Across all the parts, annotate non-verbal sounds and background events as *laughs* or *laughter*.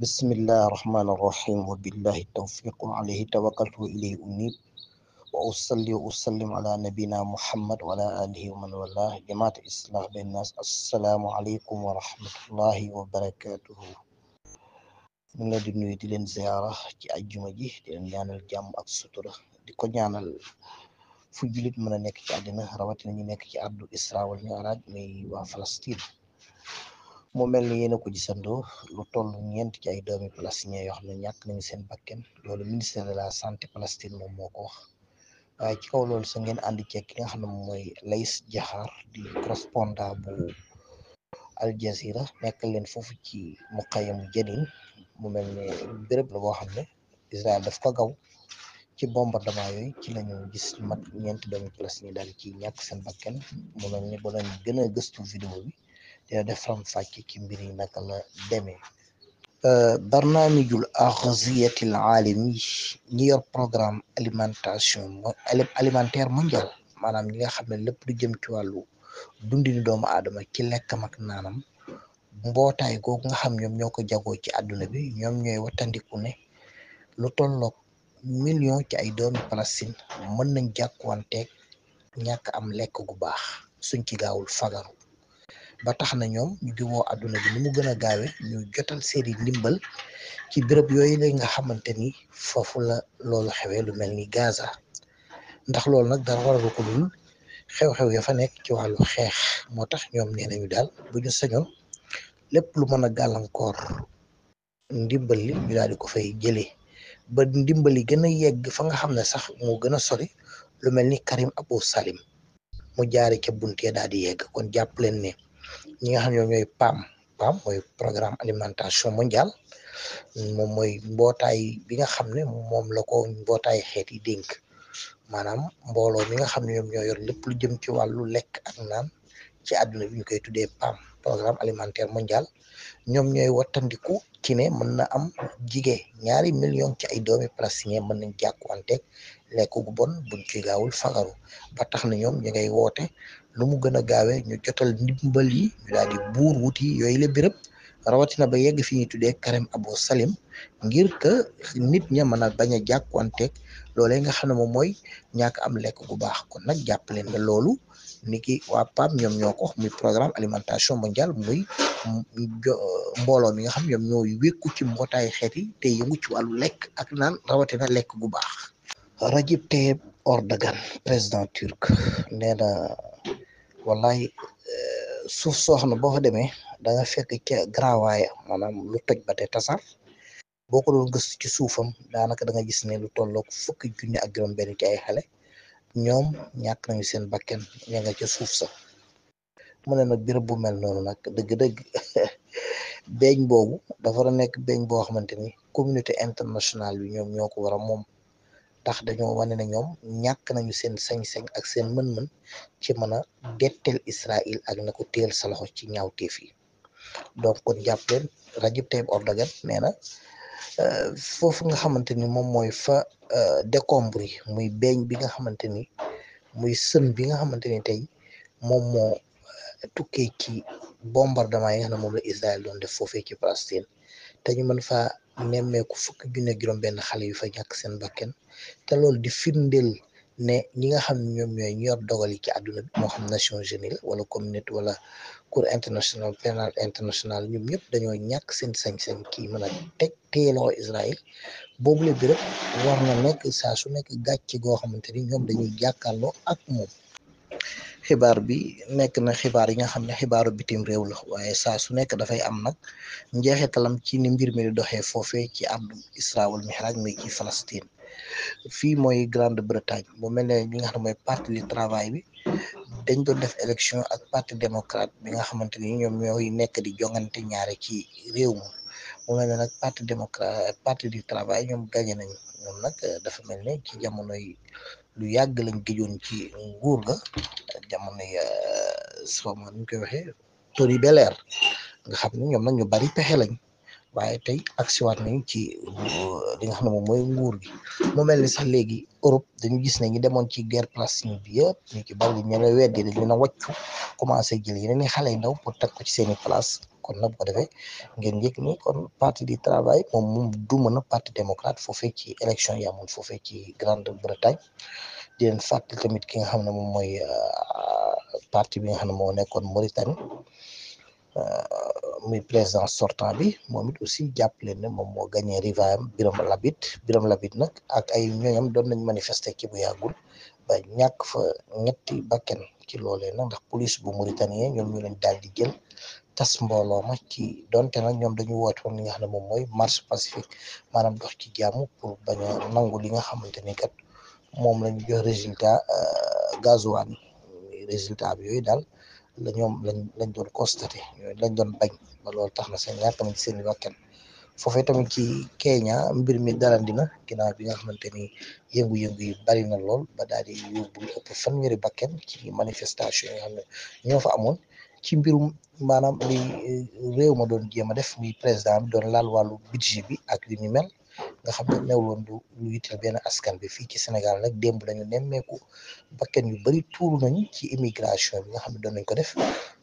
bismillahi rahmaani rahim wa billahi tawfiq alayhi tawakkaltu wa ilayhi unib wa usalli wa usallim ala nabina muhammad wa ala alihi wa man walah jamaat islah bayn nas assalaamu alaykum wa rahmatullahi wa barakatuhu ñu ngi leen di nuyu di leen ziyaara ci ajjuma ji di leen ñaanal jàmm ak sutura di ko ñaanal fu julit mën a nekk ci àddina rawatina ñu nekk ci ardu isra mi'raj muy waa Palestine mu mel ni yéen a ko gisandoo lu toll ñeent ci ay doomi palestinien yoo xam ne ñàkk nañu seen bakken loolu ministère de la santé palestine moom moo ko wax waaye ci kaw loolu sa ngeen ànd ceeg ki nga xam ne mooy Lays Jaxaar di correspondant bu Al nekk leen foofu ci muqayamu Jenin mu mel ne béréb la boo xam ne Israël daf ko gaw ci bombardement yooyu ci lañu gis mat ñeenti doomi palestinien daal ci ñàkk seen bakken mu mel ni ba lañ gën a gëstu vidéo bi dina def faram fàcce ci mbir yi naka la demee euh, barnaamijul axziyatil aalami ñi yor programme alimentation alimentaire mondial maanaam ñi nga xam ne lépp lu jëm ci wàllu dundinu doomu aadama ci lekkam ak naanam mbootaay googu nga xam ñoom ñoo ko jagoo ci àdduna bi ñoom ñooy wattandiku ne lu tolloog million ci ay doomi Palestine mën nañ jàkkuwanteeg ñàkk am lekk gu baax suñ ci gaawul fagaru ba tax na ñoom ñu ngi woo àdduna bi ni mu gën a gaawe ñu jotal seeni ndimbal ci béréb yooyu la nga xamante ni foofu la loolu xewee lu mel ni Gaza ndax loolu nag dara waralu ko dul xew-xew ya fa nekk ci wàllu xeex moo tax ñoom nee nañu daal bu ñu sañoon lépp lu mën a gàllankoor ndimbal li ñu daal di ko fay jëlee ba ndimbali gën a yegg fa nga xam ne sax mu gën a sori lu mel ni Karim Abou Salim mu jaare ca bunte daal di yegg kon jàpp leen ne ñi nga xam ñoom ñooy PAM PAM mooy programme alimentation mondiale moom mooy mbootaay bi nga xam ne moom la ko mbootaay xeet yi dénk maanaam mbooloo mi nga xam ne ñoom ñoo yor lépp lu jëm ci wàllu lekk ak naan ci àdduna bi ñu koy tuddee PAM programme alimentaire mondial ñoom ñooy wattandiku Kine mën na am jigee ñaari million ci ay doomi palestinien mën nañ jàkkuwanteeg lekk gu bon buñ ci gaawul fagaru ba tax na ñoom ñu ngay woote lu mu gën a gaawee ñu jotal ndimbal yi buur wuti yooyu la bérëb rawatina ba yegg fi ñuy tuddee Karem Abou Salim ngir que nit ña mën a bañ a jàkkuwanteeg loole nga xam ne moom mooy ñàkk am lekk gu baax kon nag jàppaleen ne loolu ni ki waa PAM ñoom ñoo ko muy programme alimentation mondiale muy euh, mbooloo mi nga xam ñoom ñoo wékku ci mbootaayu xeet yi te yëngu ci wàllu lekk ak naan rawatina lekk gu baax. Rajab Tayyip Erdogan président turc nee na wallaay euh, suuf soo xam ne boo fa demee da nga fekk ca garawaaya maanaam lu toj ba te tasar boo ko doon gëstu ci suufam daanaka da nga gis ne lu tollook fukki junni ak juróom benn ci xale. ñoom ñàkk nañu seen bakken ña nga ca suuf sa mu ne na béréb bu mel noonu nag dëgg-dëgg *laughs* beeñ boobu dafa war a nekk beeñ boo xamante ni communauté international bi ñoom ñoo ko war a moom tax dañoo wane na ñoom ñàkk nañu seen sañ-sañ ak seen mën-mën ci mën a detteel Israël ak na ko téel sa loxo ci ñaawteef yi donc kon jàpp leen Rajab Tayyip Erdogan na euh, foofu nga xamante moom mooy fa Euh, décombre yi muy beeñ bi nga xamante ni muy sën bi nga xamante ni tey moom moo euh, tukkee ci bombardement yi nga xam ne moom la Israël doon def foofee ci Palestine te ñu mën faa nemmeeku fukki junne juróom benn xale yu fa ñàkk seen bakken te loolu di firndeel ne ñi nga xam ñoom ñooy ñu yor dogal yi ci àdduna bi moo xam nation générale wala communauté wala cour international pénal international ñoom ñëpp dañoo ñàkk seen sañ-sañ kii mën a teg téye loxo Israël boobule bi rek war na nekk saa su nekk gàcce goo xamante ni ñoom dañuy jàkkaarloo ak moom. xibaar bi nekk na xibaar yi nga xam ne xibaaru bitim réew la waaye saa su nekk dafay am nag njeexitalam ci ni mbir mi di doxee foofe ci àddu Isra wal Mihraj muy ci Palestine. fii mooy Grande-Bretagne moo mel ne ñi nga xam mooy parti du travail bi dañ doon def élection ak parti démocrate bi nga xamante ni ñoom ñooy nekk di jongante ñaare ci réew mi mu mel ne nag parti démocrate parti du travail ñoom gagné nañu ñoom nag eh, dafa mel ne ci jamono lu yàgg lañ gëjoon ci nguur ga jamono yi eh, xaw ma nu koy waxee Tony Blair nga xam ne ñoom nag ñu bari pexe lañ. waaye tey aksi waat nañ ci euh, li xam ne moom mooy nguur gi mu mel ne sax léegi Europe dañu gis ne ñu demoon ci guerre Palestine bi yëpp ñu ci bari ñu la weddi dañu leen a wàccu commencé jël yeneen i xale yu ndaw pour teg ko ci seen i place kon nag bu ko defee ngeen yëg ni kon parti du travail moom moom du mën a parti démocrate foofee ci élection yi amoon foofee ci Grande-Bretagne di leen fàttali tamit ki nga xam ne moom mooy euh, parti bi nga xam ne moo nekkoon Mauritanie muy président sortant bi moom it aussi jàppale na moom moo gagné rivaayam Biram Labit Biram Labit nag ak ay ñooñam doon nañ manifeste ci bu yàggul ba ñàkk fa ñetti bakken ci loolee na ndax police bu Mauritanie ñoom ñu leen daal di jël tas mbooloo ma ci donte nag ñoom dañu woote woon li nga xam ne moom mooy marche pacifique maanaam dox ci jàmm pour bañ a nangu li nga xamante ni kat moom lañu jox résultat euh, gazoine résultat bi yooyu daal. la ñoom lañ lañ doon constaté lañ doon bañ ba loolu tax na seen ñaar tamit seen i bakkan foofee tamit ci Kenya mbir mi dalandi dina ginnaaw bi nga xamante ni yëngu-yëngu yi bari na lool ba daal di yóbbu ëpp fanweeri bakkan ci manifestation yi nga xam ne ñoo fa amoon ci mbirum maanaam li eh, réew ma doon jéem a def muy président bi doon laal wàllu budget bi ak yu ni nga xam ne newloon du lu benn askan bi fii ci Sénégal nag démb lañu nemmeeku bakkan yu bëri tuuru nañ ci immigration bi nga xam ne doon nañ ko def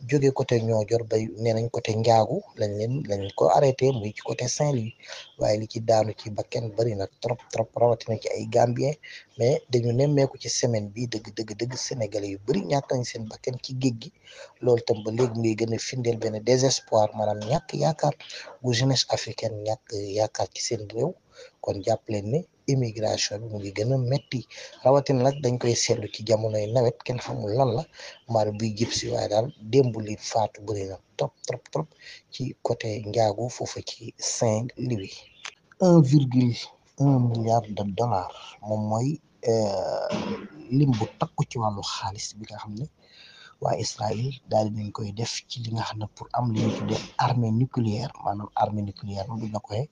jóge côté Niodior bay nee nañ côté Ndiago lañ leen lañ ko arrêté muy ci côté Saint-Louis waaye li ci daanu ci bakkan bëri na trop trop rawatina ci ay Gambien mais dañu nemmeeku ci semaine bi dëgg dëgg dëgg Sénégalais yu bëri ñàkk nañ seen bakkan ci géej gi loolu tam ba léegi muy gën findeel benn désespoir maanaam ñàkk yaakaar bu jeunesse africaine ñàkk yaakaar ci seen réew kon jàpp leen ne immigration bi mu ngi gën a métti rawatina nag dañ koy seetlu ci jamonoy nawet kenn xamul lan la mar bi jib si waaye daal démb li faatu bëri na trop trop ci côté njaagu foofa ci Saint-Louis un virgule un milliard de dollars moom mooy euh, lim bu takku ci wàllu xaalis bi nga xam ne waa Israël daal di nañ koy def ci li nga xam ne pour am li ñu tuddee armée nucléaire maanaam armée nucléaire bu ñu la koy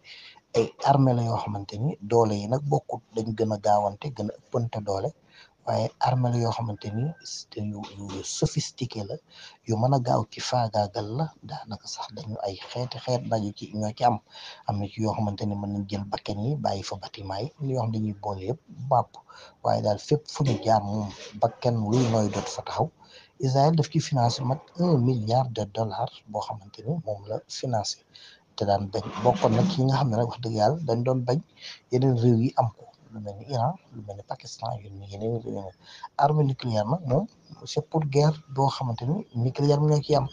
ay armée la yoo xamante ni doole yi nag bokkut dañ gën a gaawante gën a ëppante doole waaye armée la yoo xamante ni yu sophistiqué la yu mën a gaaw ci faagaagal la daanaka sax dañu ay xeeti xeet daju ci ñoo ci am am na ci yoo xamante ni mën nañ jël bakkan yi bàyyi fa bâtiment yi yoo xam dañuy boole yëpp bàpp waaye daal fépp fu ñu jaam moom bakkan luy nooy doot fa taxaw Israël daf ci financé mat un milliard de dollars boo xamante ni moom la financé te daan bañ bokkoon nag ki nga xam ne nag wax dëgg yàlla dañ doon bañ yeneen réew yi am ko lu mel ni Iran lu mel ni Pakistan yeneen yeneen réew yi arme moom c'est pour guerre boo xamante ni nucléaire mu ñoo ci am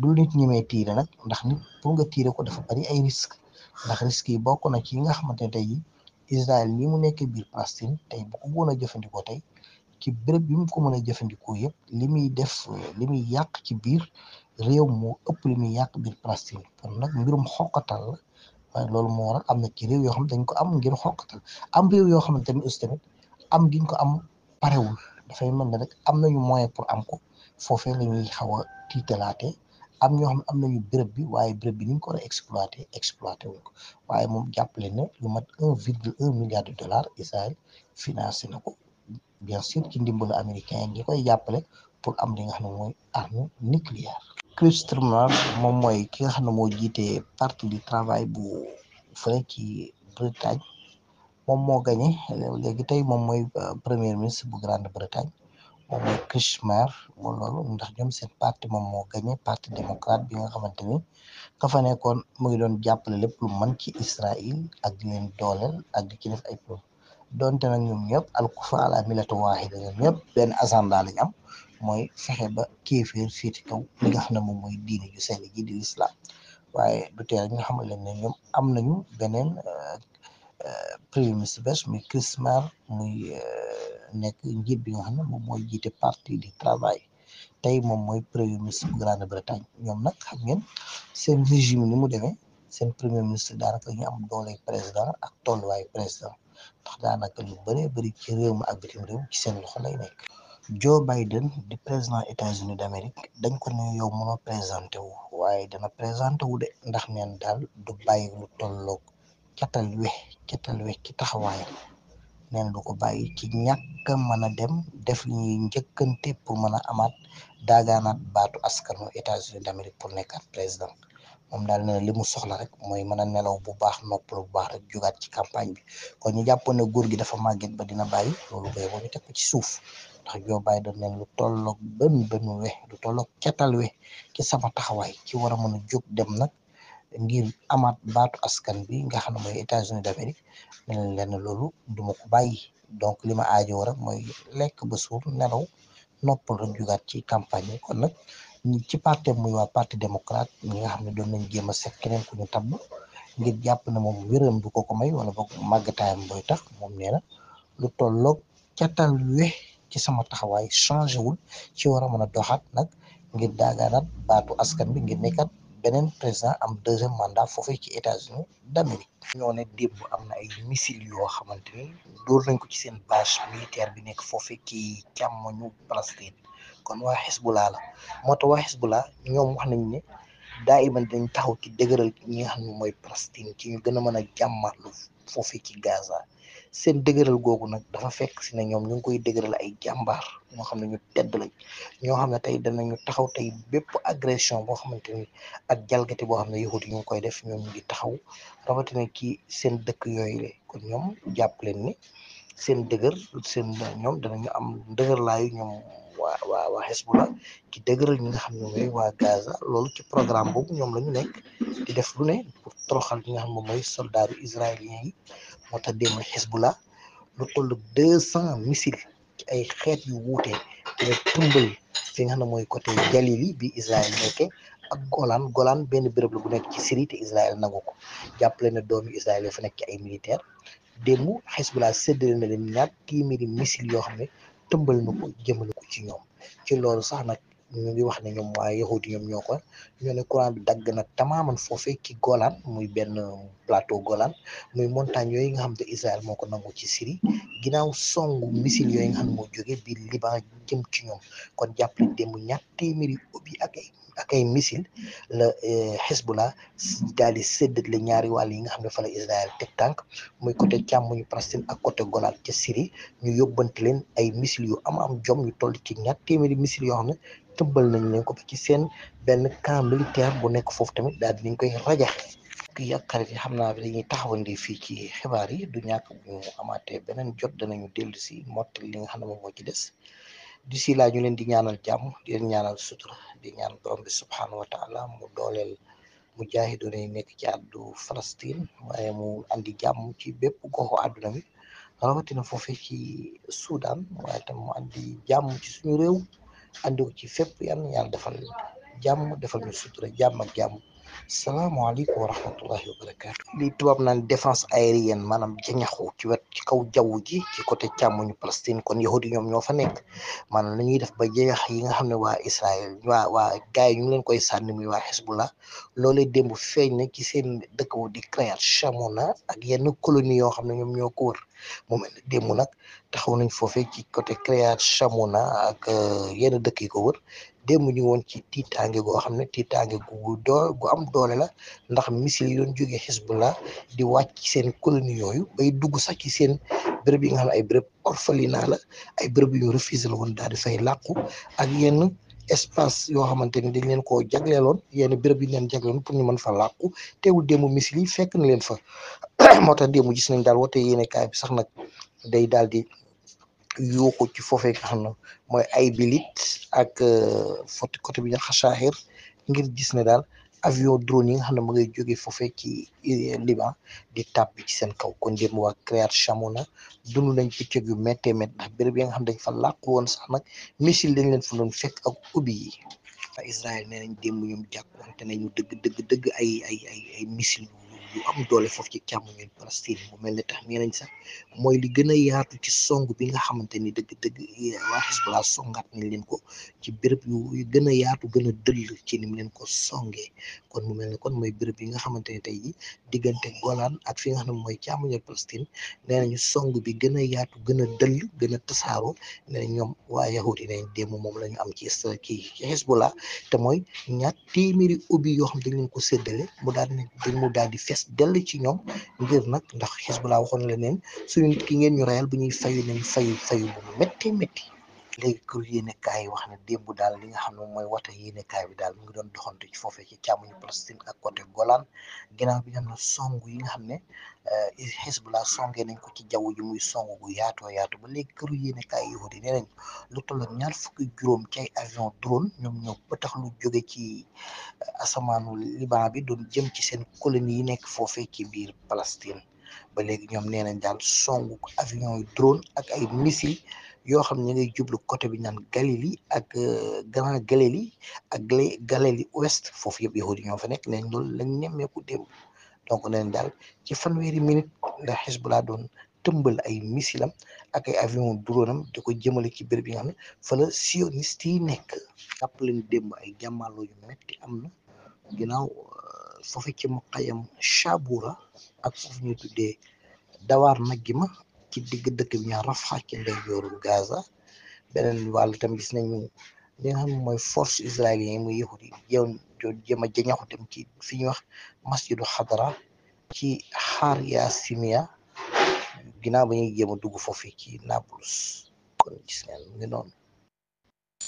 du nit ñi may tiire ndax nit pour nga tiire ko dafa bari ay risques ndax risques yi bokk na ci nga xamante ne tey yi Israël ni mu nekk biir Palestine tey bu ko woon a jëfandikoo tey ci béréb bi mu ko mën a jëfandikoo yëpp li muy def li muy yàq ci biir réew moo ëpp li muy yàq biir plastique bi kon nag mbirum xoqatal la waaye loolu moo waral am na ci réew yoo xam dañ ko am ngir xoqatal am réew yoo xamante ni aussi am giñ ko am parewul dafay mel ne rek am nañu moyen pour am ko foofee la ñuy xaw a tiitalaate am ñoo xam ne am nañu béréb bi waaye béréb bi ni ñu ko war a exploité ko waaye moom jàppale na lu mat un virgule un milliard de dollars Israël financé na ko bien sûr ci ndimbalu américain ngi koy jàppale pour am li nga xam ne mooy arme nucléaire Clijsters moom mooy ki nga xam ne moo jiite parti du travail bu fële ci Bretagne moom moo gagné léegi tey moom mooy euh, premier ministre bu Grande-Bretagne moom mooy Clijsters moom ndax ñoom seen parti moom moo gagné parti démocrate bi nga xamante ni ka fa nekkoon mu ngi doon jàppale lépp lu mën ci Israël ak di leen dooleel ak di ci def ay pro donte nag ñoom ñëpp alkufa ala milatu waahida ñoom ñëpp benn agenda lañ am. mooy fexe ba kéeféer féeti kaw li nga xam ne moom mooy diine ju sell ji di la waaye du teel ñu xamal leen ne ñoom am nañu beneen euh, euh, première muy Chrismar muy euh, nekk njiit bi nga xam ne moom mooy jiite parti du travail tey moom mooy premier ministre bu Grande-Bretagne ñoom nag xam ngeen seen régime ni mu demee seen premier ministre daanaka ñu am doole président ak tolluwaayu président ndax daanaka lu bëree bëri ci réew mi ak bitim réew ci seen loxo lay nekk. Joe Biden di président États-Unis d'Amérique dañ ko ne yow mëno présenté wu waaye dana présenté wu de ndax neen daal du bàyyi lu tolloog catal we catal we ci taxawaayam neen du ko bàyyi ci ñàkk mën a dem def li ñuy njëkkante pour mën a amaat daagaanaat baatu askanu États-Unis d'Amérique pour nekkaat président moom daal ne li mu soxla rek mooy mën a nelaw bu baax noppalu bu baax rek jugaat ci campagne bi kon ñu jàppoon ne góor gi dafa màgget ba dina bàyyi loolu koy boobu teg ko ci suuf ndax Joe Biden ne lu tolloog bën bën we lu tolloog catal we ci sama taxawaay ci war a mën a jóg dem nag ngir amaat baatu askan bi nga xam ne mooy États-Unis d'Amérique ne leen loolu du ma bàyyi donc li ma aajo war a mooy lekk ba suur nelaw noppal rek jugaat ci campagne yi kon nag ci parti muy waa parti démocrate ñi nga xam ne doon nañ jéem a seet keneen ku ñu tabb ngir jàpp ne moom wéram du ko ko may wala boog màggataayam booy tax moom nee na lu tolloog catal we ci sama taxawaay changé wul ci war a mën a doxaat nag ngir daagaanaat baatu askan bi ngir nekkat beneen président am deuxième mandat foofee ci États-Unis d'Amérique ñoo ne démb am na ay missile yoo xamante ne dóor nañ ko ci seen base militaire bi nekk foo foofee ci càmmoñu Palestine kon waa Hezbollah la moo tax waa Hezbollah ñoom wax nañ ne daa iman dañ taxaw ci dëgëral ñi nga xam ne mooy Palestine ci ñu gën a mën a jàmmarlu foofee ci Gaza seen dëgëral googu nag dafa fekk si na ñoom ñu ngi koy dëgëral ay jàmbaar ñoo xam ne ñu tedd lañ ñoo xam ne tey danañu taxaw tey bépp agression boo xamante ni ak jalgati boo xam ne yahut yi koy def ñoom ñu ngi taxaw rawatina ci seen dëkk yooyu le kon ñoom jàpp leen ni seen dëgër seen ñoom ñu am dëgër laayu ñoom waa waa waa Hezbollah ci dëgëral ñi nga xam ne mooy waa Gaza loolu ci programme boobu ñoom la ñu nekk di def lu ne pour toroxal nga xam ne mooy soldats israéliens yi moo tax démb Hezbollah lu toll deux cent missiles ci ay xeet yu wuute la tumbal fi nga xam mooy côté Jalili bi Israël nekke ak Golan Golan benn béréb la bu nekk ci Syrie te Israël nangu ko jàppale ne yu Israël yoo fa nekk ci ay militaire démb Hezbollah séddale na leen ñaar téeméeri missile yoo xam ne tëmbal na ko jëmale ci ñoom ci loolu sax nag ñu ngi wax ne ñoom waa yahudi ñoom ñoo ko ñoo ne courant bi dagg na tamaaman foofee ci Golan muy benn plateau Golan muy montagne yooyu nga xam te Israël moo ko nangu ci Syrie ginnaaw songu missile yooyu moo jóge biir Liban jëm ci ñoom kon jàppale démb ñaar téeméeri obi ak ay ak ay missile la eh, daal di séddale ñaari wàll yi nga xam ne fa la Israël teg tànk muy côté càmmuñu Palestine ak côté Golan ca siri ñu yóbbante leen ay missile yu am am jom yu toll ci ñaar téeméeri missile yoo xam ne tëbbal nañ ne ko ci seen benn camp militaire bu nekk foofu tamit daal di koy rajax kii ak xarit xam naa bi dañuy taxawandi fii ci xibaar yi du ñàkk bu ñu amaatee beneen jot danañu dellu si mottali li nga xam ne moom moo ci des d'ici là ñu leen di ñaanal jàmm di leen ñaanal sutura di ñaan borom bi subhaanahu wa mu dooleel mu jaahidoon yi nekk ci àddu Palestine waaye mu andi jàmm ci bépp goxu àdduna bi rawatina foofee ci Soudan jàmm ci suñu réew andi ko ci fépp yal na yàlla defal jàmm defal ñu sutura jàmm ak jàmm salaamaaleykum wa rahmatullahi wa barakaatu. lii tubaab naan défense aérienne maanaam jañaxu ci wet ci kaw jaww ji ci côté càmmoñu Palestine kon yahud yi ñoom ñoo fa nekk maanaam la ñuy def ba jañax yi nga xam ne waa Israël waa waa gars yi ñu ngi leen koy sànni muy waa Hezbollah loolee démb feeñ na ci seen dëkk bu di Kiryat Shmona ak yenn colonie yoo xam ne ñoom ñoo ko wër mu mel ne démb nag taxaw nañ ci côté Kiryat Shmona ak euh, yenn dëkk yi ko wër démb ñu woon ci tiitaange goo xam ne tiitaange gu doo gu am doole la ndax missile yi doon jógee Hezbollah di wàcc seen colonie yooyu bay dugg sax ci seen bërëb yi nga xam ne ay bërëb orphelinat la ay bërëb yu refusé la woon daal di fay làqu ak yenn espace yoo xamante ni dañ leen koo jagleeloon yenn béréb yi ñu leen jagleeloon pour ñu mën fa làqu teewul démb missile yi fekk na leen fa *clears throat* moo tax démb gis nañ daal wote yéene kaay bi sax nag day daal yuuxu ci foofee nga xam na mooy ay bilit ak euh, foti côté bi ñu xasaaxir ngir gis ne daal avion drone yi nga xam ne ma ngay jóge foofee ci euh, Liban di tàbbi ci seen kaw kon démb waa Kiryat Shmona dund nañ pëccëg yu méttee métt ndax béréb yi nga xam dañ fa làqu woon sax nag missile dañ leen fa doon fekk ak ubbi yi fa Israël nee nañ démb ñoom jàkkuwante nañu dëgg dëgg dëgg ay ay ay yu am doole foofu ci càmmoñu Palestine mu mel ne tax nee nañ sax mooy li gën a yaatu ci song bi nga xamante ni dëgg-dëgg eh, waa Hezbollah songaat nañ leen ko ci bërëb yu gën a yaatu gën a dëll ci ni mu leen ko songee kon mu mel ne kon mooy béréb yi nga xamante ne tey ji diggante Golan ak fi nga xam ne mooy càmmoñu Palestine nee nañu song bi gën a yaatu gën a dëll gën a tasaaroo nee ñoom waa yahudi nañ démb moom lañu ñu am ci kii ci te mooy ñaar téeméeri ubbi yoo xam dañ leen ko séddale mu daal di mu fees dell ci ñoom ngir nag ndax Hezbollah waxoon la neen suñu nit ki ngeen ñu reyal bu ñuy fayu nañ fayu fayu bu métti métti léegi kër yéenekaay yi wax ne démb daal li nga xam ne mooy wata yéenekaay bi daal mu ngi doon doxantu ci foofee ci càmmuñu Palestine ak côté Golan ginnaaw bi nga xam ne yi nga xam ne eh, Hezbollah songee nañ ko ci jaww ji muy song gu yaatoo yaatu ba léegi këru yéenekaay yi nee nañ lu toll ñaar fukki juróom ci ay avion ñoom ñoo pëtax lu jóge ci eh, asamaanu Liban bi doon jëm ci seen colonie yi nekk foofee ci biir ba léegi ñoom nee nañ daal song avion yu drone ak ay missile yoo xam ne ngay jublu côté bi naan Galilée ak euh, Grand Galilée ak Galilée ouest foofu yëpp yahudi ñoo fa nekk ne loolu lañ nemmeeku démb donc neen daal ci fanweeri minute la Hezbollah doon tëmbal ay missilam ak avion duróonam de ko jëmale ci béréb yi nga xam fa la yi nekk jàpp leen démb ay jàmmaloo yu metti am na ginnaaw euh, foofu ci mu xayam Chaboura ak foofu ñuy tuddee dawaar nag ma ci digg dëkk bi ñu Rafa ci ndeyjooru Gaza beneen wàll tam gis nañu li nga mooy force israélienne yi muy yahut yi jëw a jañaxu dem ci fi ñuy wax masjidu xadara ci xaar yaa simia ginnaaw ba ñuy jéem a dugg foofu ci Nablus kon gis ngeen mu ngi noonu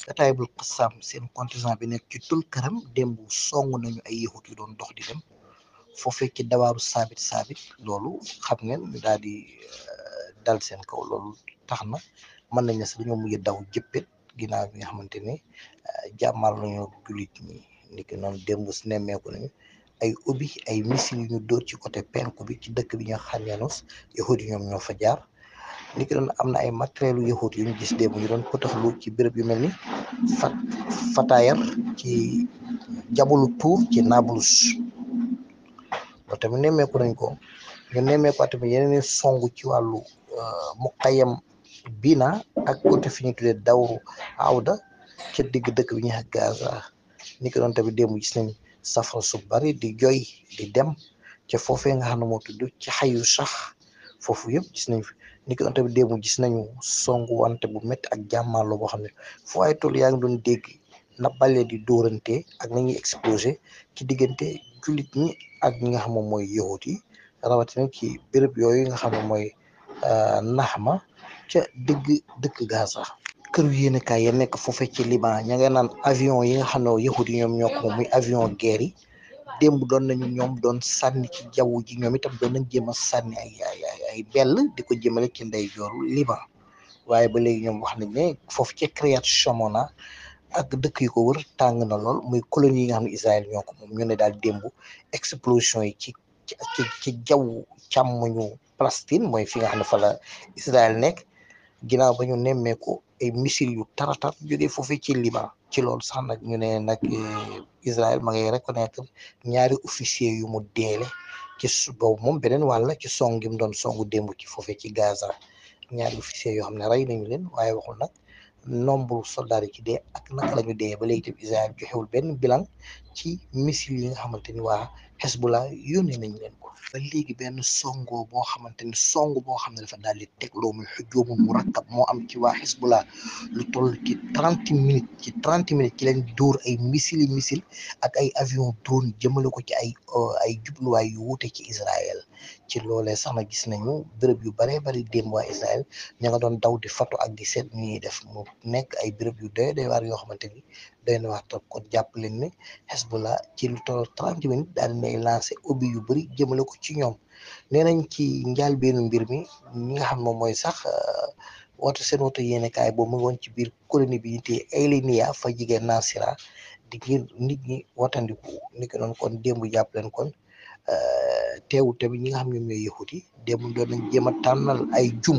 Kataibul Qassam seen contingent bi nekk ci Tulkarem démb song nañu ay yahut yu doon dox di dem foofee ci dabaaru saabit saabit loolu xam ngeen daal dal seen kaw loolu tax na mën nañ ne sax daw jëppit ginnaaw bi nga xamante ni euh, jàmmaar nañoo jullit ñi niki noonu démb si nemmeeku nañu ay obi ay missile yu ñu dóor ci côté penku bi ci dëkk bi ñu xam yanus yahudi ñoom ñoo fa jaar niki noonu am na ay matériel yu yahudi yu ñu gis démb ñu doon potaxlu ci bërëb yu mel ni fat fatayar ci jabulu tuur ci Nablus loolu tamit nemmeeku nañ ko ñu nemmeeku tamit yeneen song ci wàllu muqayam bina ak côté fi ñu tuddee dawru awda ca digg dëkk bi ñu wax Gaza ni ko doon tamit démb gis nañ safara su bari di joy di dem ca foofee nga xam ne moo tudd ci xayu sax foofu yëpp gis nañ fi ni ko doon tamit démb gis nañu songu wante bu métti ak jàmmaarloo boo xam ne fu ay tool yaa ngi doon dégg na bale di dóorante ak nañuy exposé ci diggante jullit ñi ak ñi nga xam moom mooy yahut yi rawatina ci béréb yooyu nga xam ne mooy Euh, Naxma ca dëgg dëkk Gaza këru yéenekaay ya nekk foofe ci Liban ña nga naan avion yi nga xam ne yahud yi ñoom ñoo ko muy avion guerre yi démb doon nañu ñoom doon sànni ci jaww ji ñoom itam doon nañ jéem a sànni ay ay ay bell di ko jëmale ci ndeyjooru Liban waaye ba léegi ñoom wax nañ ne foofu ci Kiryat na ak dëkk yu ko wër tàng na lool muy colonie yi nga xam ne Israël ñoo ko moom ñu ne daal démb explosion yi ci ci ci jaww càmmoñu Palestine mooy fi nga xam ne fa la Israël nekk ginnaaw ba ñu nemmeeku ay missile yu taratar jógee foofee ci Liban ci loolu sax nag ñu ne nag eh, Israël ma ngay reconnaître ñaari officier yu mu deele ci boobu moom beneen wàlla ci song gi mu doon songu démb ci foofee ci Gaza ñaari officier yoo xam ne rey nañu leen waaye waxul nag nombre soldats yi ci dee ak naka la ñu dee ba léegi tamit Israël joxewul benn bilan ci missile yi nga xamante ni waa Hezbollah yónnee nañ leen ko ba léegi benn songo boo xamante ni song boo xam ne dafa daal di tegloo muy xujoomu mu rakkab moo am ci waa Hezbollah lu toll ci trente minutes ci leen dóor ay missile missile ak ay avion drone jëmale ko ci ay euh, ay jubluwaay yu wuute ci Israël ci loole sax na gis nañu bërëb yu baree bari démb waa Israël ña nga doon daw di fatu ak di seet ñuy def mu nekk ay bërëb yu doy doy waar yoo xamante ni doy na wax topp kon jàpp leen ne Hezbollah ci lu toll trente minutes daal nay lancé obi yu bëri jëmale ko ci ñoom nee nañ ci njëlbéenu mbir mi ñi nga xam ne mooy sax euh, woote seen woote yéenekaay boobu mu ngi woon ci biir colonie bi ñu téye Eylenia fa jigéen Nasira di ngir nit ñi watandiku ni kon démb jàpp leen kon euh, teewul tamit ñi nga xam ñoom ñooy yëxut yi démb doon nañ jéem a tànnal ay jum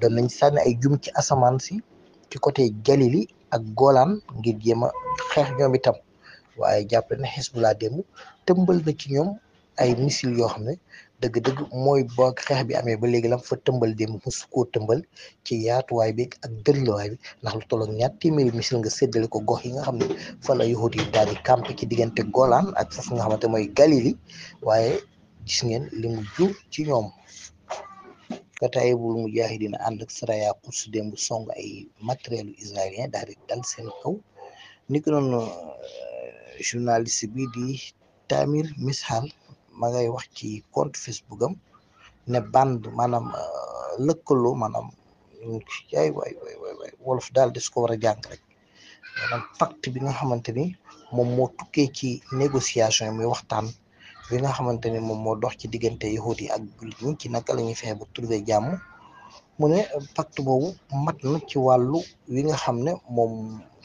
doon nañ sànni ay jum ci asamaan si ci côté Galili ak Golan ngir jéem a xeex ñoom itam waaye jàpp na Hezbollah démb tëmbal na ci ñoom ay missile yoo xam ne dëgg-dëgg mooy boog xeex bi amee ba léegi lam fa tëmbal démb mosu koo tëmbal ci yaatuwaay bi ak dëlluwaay bi ndax lu tollook ñaar téeméeri nga séddale ko gox yi nga xam ne fa la yahut yi daal di campé ci diggante Golan ak foofu nga xamante mooy Galili waaye gis ngeen li mu ci ñoom Kataibul Mujahidin ànd ak Saraya Quds démb song ay matériel israélien daal di dal seen kaw ni ko noonu euh, journaliste bi di Tamir Mishal ma ngay wax ci compte Facebook am ne band maanaam euh, lëkkaloo maanaam ay waay waay waay wolof daal des ko war a jàng rek maanaam pacte bi nga xamante ni moom moo tukkee ci négociation yi muy waxtaan bi nga xamante ne moom moo dox ci diggante yahud yi ak jullit ñi ci naka la fee ba trouver jàmm mu ne pacte boobu mat na ci wàllu wi nga xam ne moom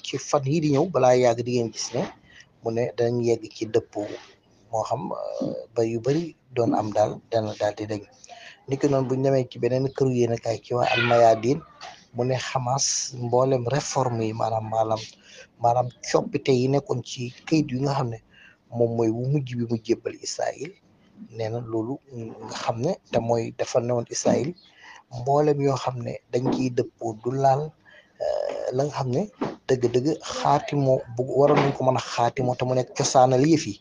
ci fan yi di ñëw balaa yàgg di ngeen gis mu ne dañ yegg ci dëpp moo xam euh, ba yu bari doon am daal dana daal di dañ niki noonu buñ damee ci beneen këru yéenekaay ci waa almayadin mu ne Hamas mboolem réforme yi maanaam maanaam maanaam coppite yi nekkoon ci këyit yi nga xam ne moom mooy wu mujj bi mu jébbal Israël nee na loolu nga xam ne te mooy dafa newoon Israël mboolem yoo xam ne dañ ciy dëppoo du laal euh, la nga xam ne dëgg-dëgg xaatimoo bu waroon nañ ko mën a xaatimoo te mu nekk cosaanal yëf yi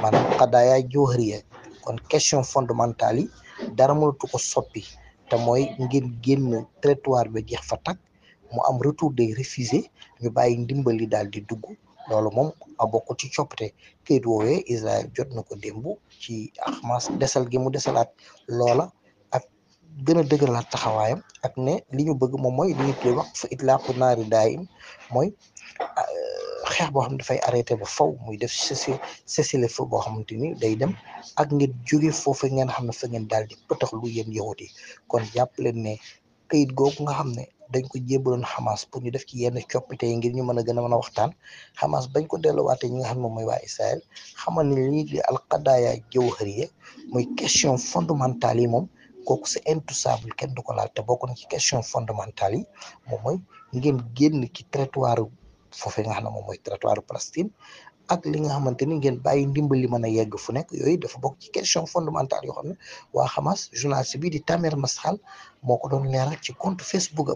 maanaam xadaaya joohariya kon question fondamentale yi dara mënatu ko soppi te mooy ngeen génn traitoire ba jeex fa tag mu am retour des refusés ñu bàyyi ndimbal daal di dugg loolu moom a bokk ci coppite këyit woowee Israël jot na ko démb ci Hamas desal gi mu desalaat loola ak gën a dëgëralaat taxawaayam ak ne li ñu bëgg moom mooy li ñu tuddee wax fa itlaaqu naari daayim mooy euh, xeex boo xam ne dafay arrêté ba faw muy def cessé cessez-le-feu boo xamante ni day dem ak ngeen jóge foofu ngeen xam ne fa daal di pëtax lu yéen yahut kon jàpp ne këyit googu nga xam ne dañ ko jébaloon Hamas pour ñu def ci yenn coppite yi ngir ñu mën a gën a mën a waxtaan Hamas bañ ko delluwaatee ñi nga xam ne moom mooy waa Israël xamal ni li ñuy di alqadaya jawhariya muy question fondamentale yi moom kooku c'est intouchable kenn du ko laal te bokk na ci question fondamentale yi moom mooy ngeen génn ki traitoire foofee nga xam ne moom mooy traitoire Palestine ak li nga xamante ni ngeen bàyyi ndimbal li mën a yegg fu nekk yooyu dafa bokk ci question fondamentale yo xam ne waa Hamas journaliste bi di Tamer Masral moo ko doon leeral ci compte Facebook